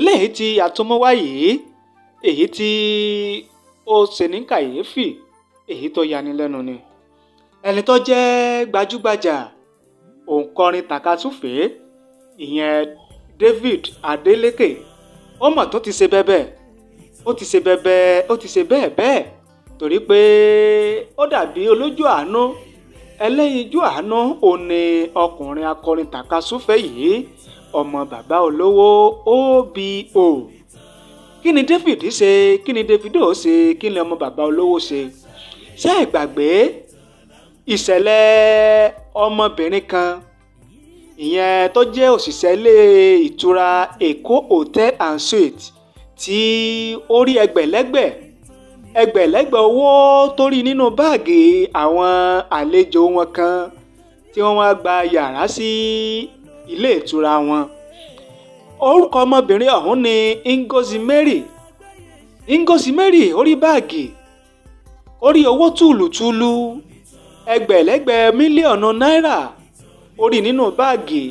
eléyìí tí àtúmọ̀wá yìí èyí tí ó ṣe ní kàyéfì èyí tó yani lẹ́nu ni ẹni tó jẹ́ gbajúgbajà òǹkọrin tàkasúfèé ìyẹn David Adeleke ó mọ̀ tó ti ṣe bẹ́bẹ́ ó ti ṣe bẹ́bẹ́ ó ti ṣe bẹ́ẹ̀ bẹ́ẹ̀ torí pé ó dàbí olójú àánú ẹlẹ́yinjú àánú òní ọkùnrin akọrin tàkasúfèé yìí ọmọ bàbá olówó OBO kí ni David ṣe kí ni Davido ṣe kí ni ọmọ bàbá olówó ṣe ṣé ẹ gbàgbé ìṣẹ̀lẹ̀ ọmọbìnrin kan ìyẹn tó jẹ́ òṣìṣẹ́ ilé ìtura Èkó hotel and suite tí ó rí ẹgbẹ̀lẹ́gbẹ̀ ẹgbẹ̀lẹ́gbẹ̀ owó tó rí nínú báàgì àwọn àlejò wọn kan tí wọ́n wá gba yàrá sí ilé ìtura wọn orúkọ ọmọbìnrin ọ̀hún ni Ngozi Mary Ngozi Mary orí báàgì orí owó túlùtúlù ẹgbẹ̀lẹ́gbẹ̀ mílíọ̀nù náírà orí nínú báàgì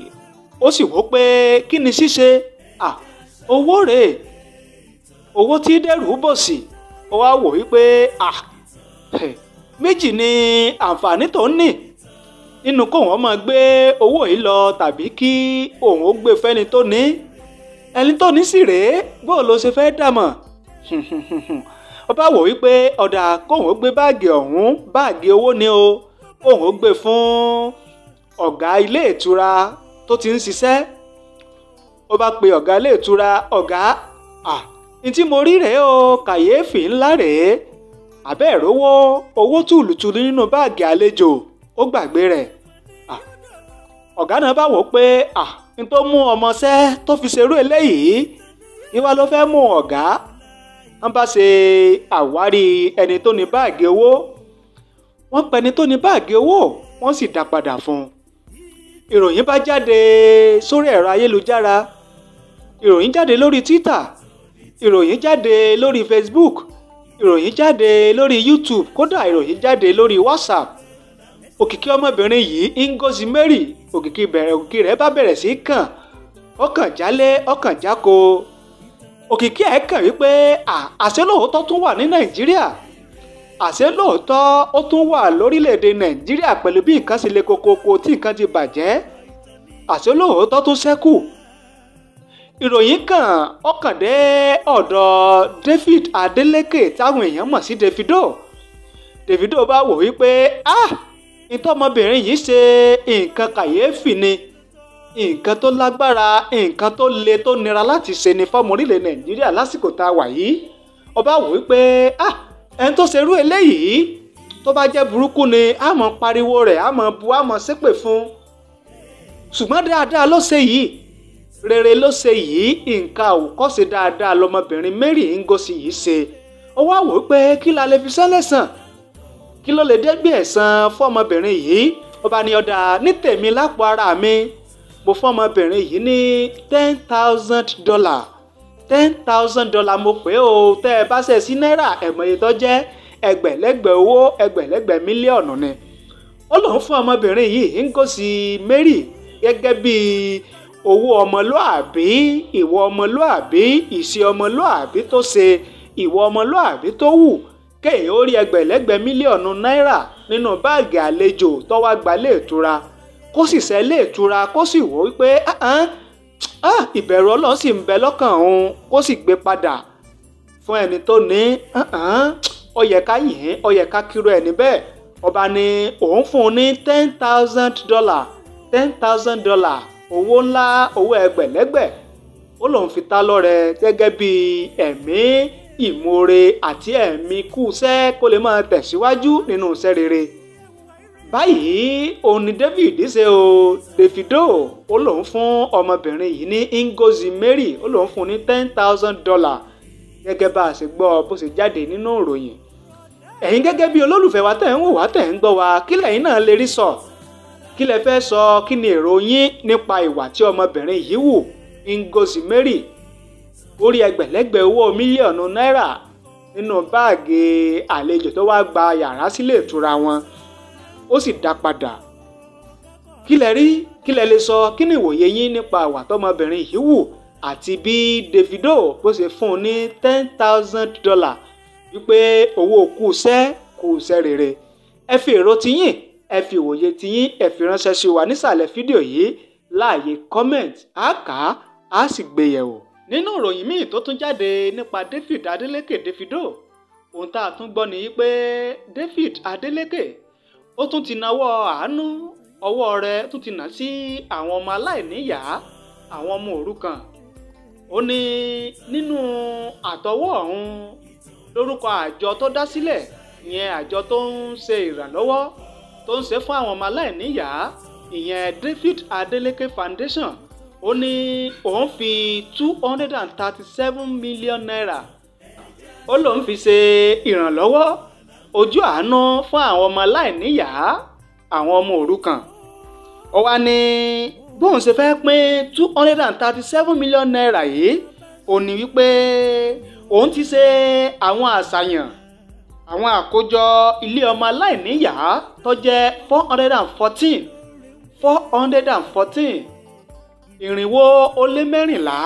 ó sì wò pé kí ni ṣíṣe à owó rèé owó tí dẹ́rù bò sí ó wá wò wípé à méjì ni àǹfààní tó ń ní nínú kó wọ́n máa gbé owó yìí lọ tàbí kí òun ó gbé fẹ́ni tó ní ẹni tó ní sì rèé bó ló ṣe fẹ́ dàmọ̀ ó bá wò wípé ọ̀dà kóun ó gbé báàgì ọ̀hún báàgì owó ni o kóun ó gbé fún ọ̀gá ilé ìtura tó ti ń ṣiṣẹ́ ó bá pe ọ̀gá ilé ìtura ọ̀gá ah ní tí mo rí rèé o kàyééfì ńlá rèé àbẹ́ẹ̀rówó owó tùlùtùlù nínú báàgì àlejò ó gbàgbé rẹ̀ ọ̀gá náà bá wò ó pé à n tó mú ọmọọṣẹ́ tó fi ṣerú eléyìí ìwà ló fẹ́ mú ọ̀gá wọ́n bá ṣe àwárí ẹni tó ní báàgì owó wọ́n pẹ́ ẹni tó ní báàgì owó wọ́n sì dá padà fún un ìròyìn bá jáde sórí ẹ̀rọ ayélujára ìròyìn jáde lórí Twitter ìròyìn jáde lórí Facebook ìròyìn jáde lórí YouTube kódà ìròyìn jáde lórí WhatsApp òkìkí ọmọbìnrin yìí Ngozi Mary òkìkí bẹ̀rẹ̀ òkìkí rẹ̀ bá bẹ̀rẹ̀ sí kàn ọkàn jálé ọkàn jáko òkìkí ẹ̀ kàn wípé àṣẹ lóòótọ́ tún wà ní Nàìjíríà àṣẹ lóòótọ́ ó tún wà lórílẹ̀‐èdè Nàìjíríà pẹ̀lú bí nǹkan ṣe le kokoko tí nǹkan ti bàjẹ́ àṣẹ lóòótọ́ tún ṣẹ́kù ìròyìn kan ọkàn dé ọ̀dọ̀ David Adeleke táwọn èèyàn mọ̀ sí Davido Davido bá wò wípé ah ìtọ́mọbìnrin yìí ṣe nǹkan kàyéfì ni nǹkan tó lágbára nǹkan tó le tó nira láti ṣe ni fọ́mọ orílẹ̀ nàìjíríà lásìkò tá a wà yìí ọba wò ó pé ah ẹni tó ṣerú eléyìí tó bá jẹ́ burúkú ni a máa pariwo rẹ̀ a máa bu a máa ṣépè fún ṣùgbọ́n dáadáa ló ṣe yìí rere ló ṣe yìí nǹkan àwòkọ́ṣe dáadáa lọmọbìnrin Mary Ngozi yìí ṣe ó wá wò ó pé kí la lè fi sẹ́lẹ̀ sàn kí ló lè dẹ́gbẹ́ ẹ̀sán fọ́mọbìnrin yìí ó ni ní ọ̀dà ní tèmi lápò ara mi mo fọ́mọbìnrin yìí ní ten thousand dollar ten thousand dollar mo pè ó tẹ́ ẹ bá ṣẹ̀ sí náírà ẹ̀mọ̀ èyí tó jẹ́ ẹgbẹ̀lẹ́gbẹ̀ owó ẹgbẹ̀lẹ́gbẹ̀ mílíọ̀nù ni ó lòun fún ọmọbìnrin yìí Ngozi Mary gẹ́gẹ́ bíi owó ọmọlúàbí ìwọ ọmọlúàbí ìṣe ọmọlúàbí tó ṣe ìwọ ọmọlúàbí tó wù kéè ó rí ẹgbẹ̀lẹ́gbẹ̀ mílíọ̀nù náírà nínú báàgì àlejò tó wá gba ilé ìtura kó sì ṣe ilé ìtura kó sì wò wípé ah, ìbẹ̀rù ọlọ́run sì ń bẹ lọ́kàn òun kó sì gbé padà fún ẹni tó ní ó ká yìn ó ká kíró ẹni bẹ́ẹ̀ ọba ni òun fún un ní ten thousand dollar ten thousand dollar owó ńlá owó ẹgbẹ̀lẹ́gbẹ̀ ó lòun fi ta lọ́rẹ gẹ́gẹ́ bí ẹ̀mí ìmoore àti ẹ̀mí kúṣẹ́ kó lè máa tẹ̀síwájú nínú iṣẹ́ rere báyìí òun ni David ṣe o Davido ó lòun fún ọmọbìnrin yìí ní Ngozi Mary ó lòun fún ní ten thousand dollar gẹ́gẹ́ bá a ṣe gbọ́ bó ṣe jáde nínú ìròyìn ẹ̀yin gẹ́gẹ́ bí olólùfẹ́ wa tẹ̀ ń wò wá tẹ̀ ń gbọ́ wa kí lẹ̀yin náà lè rí sọ kí lẹ fẹ́ sọ kí ni èrò yín nípa ìwà tí ọmọbìnrin yìí wù Ngozi Mary ó rí ẹgbẹ̀lẹ́gbẹ̀ owó mílíọ̀nù náírà nínú báàgì àlejò tó wáá gba yàrá sílé ìtura wọn ó sì dá padà kí lẹ rí kí lẹ lè sọ kí ni ìwòye yín nípa àwà tọmọbìnrin yìí wù àti bí Davido bó ṣe fún un ní ten thousand dollar wípé owó kùsẹ́ kùsẹ́ rere ẹ fi èrò tiyín ẹ fi ìwòye tiyín ẹ fi ránṣẹ́ sí wa nísàlẹ̀ fídíò yìí láàyè comment àkàá a sì gbé yẹ̀wò nínú ìròyìn míì tó tún jáde nípa David Adeleke Davido ohun tá a tún gbọ́ ni pé David Adeleke ó tún ti nawọ́ àánú ọwọ́ rẹ̀ tún ti nà sí àwọn ọmọ aláìníyàá àwọn ọmọ òrukàn ó ní nínú àtọwọ́ ọ̀hún lórúkọ àjọ tó dá sílẹ̀ ìyẹn àjọ tó ń ṣe ìrànlọ́wọ́ tó ń ṣe fún àwọn ọmọ aláìníyàá ìyẹn David Adeleke Foundation ó ní òun fi two hundred and thirty seven million naira ó lòun fi ṣe ìrànlọ́wọ́ ojú àánú fún àwọn ọmọ aláìníyàá àwọn ọmọ òrukàn ó wá ní bóun ṣe fẹ́ pín two hundred and thirty seven million naira yìí ó ní wípé òun ti ṣe àwọn àṣàyàn àwọn àkójọ ilé ọmọ aláìníyàá tó jẹ́ four hundred and fourteen four hundred and fourteen ìrìnwó ó lé mẹ́rìnlá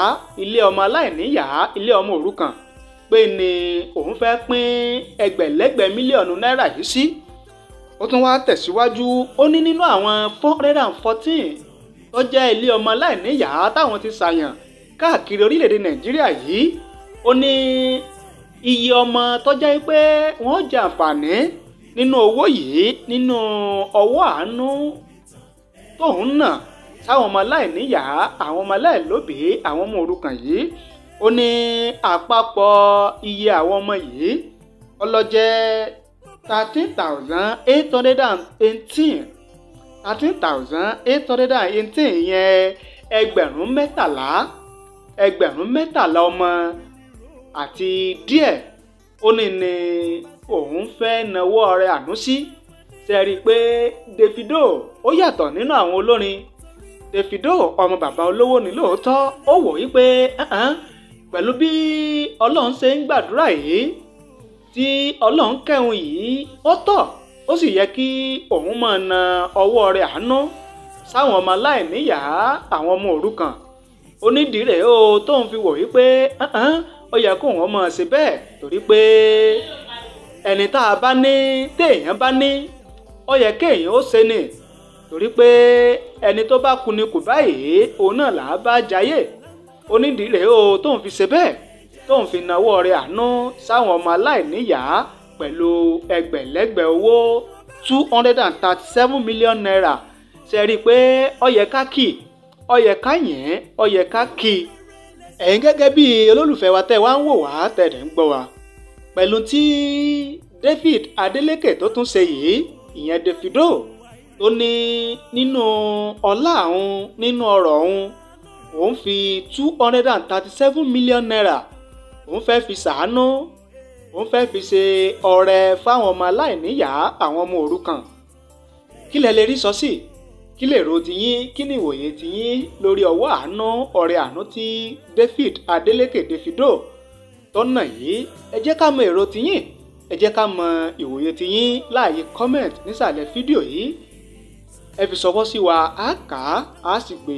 ilé ọmọ aláìníyá ilé ọmọ òrukàn pé ni òun fẹ́ pín ẹgbẹ̀lẹ́gbẹ̀ mílíọ̀nù náírà yìí sí ó tún wá tẹ̀síwájú ó ní nínú àwọn four hundred and fourteen tó jẹ́ ilé ọmọ aláìníyá táwọn ti ṣàyàn káàkiri orílẹ̀-èdè nàìjíríà yìí ó ní iye ọmọ tó jẹ́ pé wọ́n jẹ àǹfààní nínú owó yìí nínú ọwọ́ àánú tóun náà táwọn ọmọ aláìníyà àwọn ọmọ aláìlóbìí àwọn ọmọ òrukàn yìí ó ní àpapọ̀ iye àwọn ọmọ yìí ọlọ́jẹ́ thirteen thousand eight hundred and eighteen thirteen thousand eight hundred and eighteen yẹn ẹgbẹ̀rún mẹ́tàlá ẹgbẹ̀rún mẹ́tàlá ọmọ àti díẹ̀ ó ní ní òun fẹ́ nawọ́ rẹ̀ ànú sí ṣe rí i pé Davido ó yàtọ̀ nínú àwọn olórin Davido ọmọ bàbá olówó ni lóòótọ́ ó wò yí pé pẹ̀lú bí ọlọ́run ṣe ń gbàdúrà yìí tí ọlọ́run kẹ́hùn yìí ó tọ́ ó sì yẹ kí òun máa na ọwọ́ rẹ̀ àánú sáwọn ọmọ aláìníyàá àwọn ọmọ òrukàn onídìí rẹ̀ ó tóun fi wò wípé ó yẹ kóun ọmọ ṣe bẹ́ẹ̀ torí pé ẹni tá a bá ní téèyàn bá ní ó yẹ kéèyàn ó ṣe ni torí pé ẹni tó bá kuni kù báyìí òun náà là á bá jayé onídìí rèé o tóun fi ṣe bẹ́ẹ̀ tóun fi nawọ́ rẹ̀ àánú sáwọn ọmọ aláìníyàá pẹ̀lú ẹgbẹ̀lẹ́gbẹ̀ owó two hundred and thirty seven million naira ṣe rí i pé ó yẹ ká kì ó yẹ ká wa tẹ́ wá ń wò wá tẹ̀lé ń gbọ́ wa pẹ̀lú tí David Adeleke tó tún ṣe yìí ìyẹn Davido ó ní nínú ọlá òun nínú ọrọ̀ òun òun fi two hundred and thirty seven million naira òun fẹ́ fi ṣàánú òun fẹ́ fi ṣe ọrẹ fáwọn ọmọ aláìníyàá àwọn ọmọ òrukàn kí lẹ lè rí sọ sí kí lè ro tiyín kí ni ìwòye tiyín lórí ọwọ́ àánú ọrẹ àánú tí David Adeleke Davido tọ́nà yìí ẹ jẹ́ ká mọ èrò tiyín ẹ jẹ́ ká mọ ìwòye tiyín láàyè comment nísàlẹ̀ fídíò yìí ẹ fi ṣọwọ́ sí wa á kà á á sì gbé